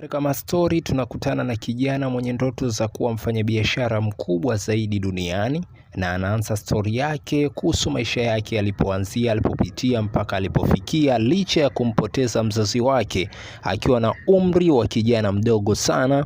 Katika mastori tunakutana na kijana mwenye ndoto za kuwa mfanyabiashara mkubwa zaidi duniani na anaanza stori yake kuhusu maisha yake alipoanzia, alipopitia mpaka alipofikia, licha ya kumpoteza mzazi wake akiwa na umri wa kijana mdogo sana.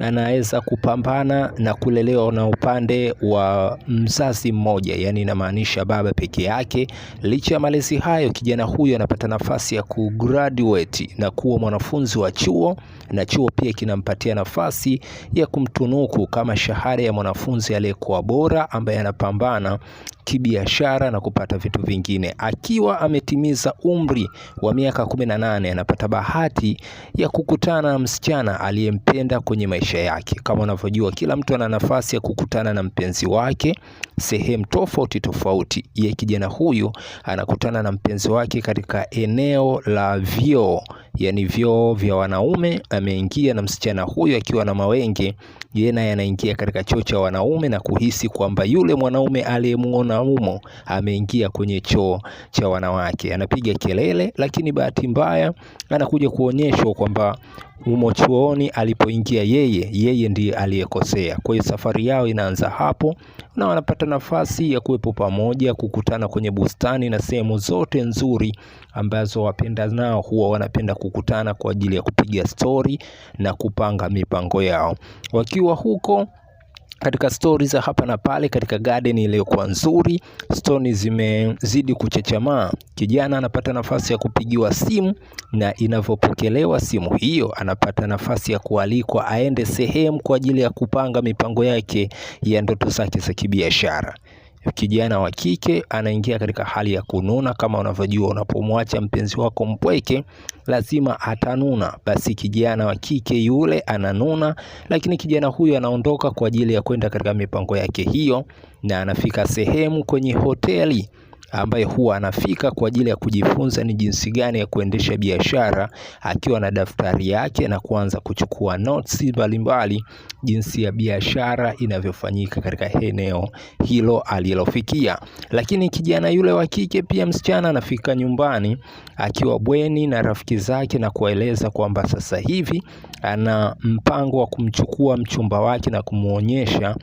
Anaweza kupambana na kulelewa na upande wa mzazi mmoja, yani inamaanisha baba peke yake. Licha ya malezi hayo, kijana huyo anapata nafasi ya kugraduate na kuwa mwanafunzi wa chuo na chuo pia kinampatia nafasi ya kumtunuku kama shahada ya mwanafunzi aliyekuwa bora ambaye anapambana kibiashara na kupata vitu vingine. Akiwa ametimiza umri wa miaka kumi na nane anapata bahati ya kukutana na msichana aliyempenda kwenye maisha yake. Kama unavyojua, kila mtu ana nafasi ya kukutana na mpenzi wake sehemu tofauti tofauti. Ye kijana huyu anakutana na mpenzi wake katika eneo la vyoo, yaani vyoo vya wanaume, ameingia na msichana huyo akiwa na mawenge, yeye naye anaingia katika choo cha wanaume na kuhisi kwamba yule mwanaume aliyemuona humo ameingia kwenye choo cha wanawake. Anapiga kelele, lakini bahati mbaya anakuja kuonyeshwa kwamba humo chuoni alipoingia yeye, yeye ndiye aliyekosea. Kwa hiyo safari yao inaanza hapo, na wanapata nafasi ya kuwepo pamoja, kukutana kwenye bustani na sehemu zote nzuri ambazo wapenda nao huwa wanapenda kukutana kwa ajili ya kupiga stori na kupanga mipango yao wakiwa huko katika stori za hapa na pale katika garden iliyokuwa nzuri, stoni zimezidi kuchechamaa. Kijana anapata nafasi ya kupigiwa simu, na inavyopokelewa simu hiyo, anapata nafasi ya kualikwa aende sehemu kwa ajili ya kupanga mipango yake ya ndoto zake za kibiashara kijana wa kike anaingia katika hali ya kununa. Kama unavyojua, unapomwacha mpenzi wako mpweke, lazima atanuna. Basi kijana wa kike yule ananuna, lakini kijana huyu anaondoka kwa ajili ya kwenda katika mipango yake hiyo, na anafika sehemu kwenye hoteli ambaye huwa anafika kwa ajili ya kujifunza ni jinsi gani ya kuendesha biashara, akiwa na daftari yake na kuanza kuchukua notes mbalimbali, jinsi ya biashara inavyofanyika katika eneo hilo alilofikia. Lakini kijana yule wa kike pia, msichana anafika nyumbani akiwa bweni na rafiki zake na kueleza kwamba sasa hivi ana mpango wa kumchukua mchumba wake na kumwonyesha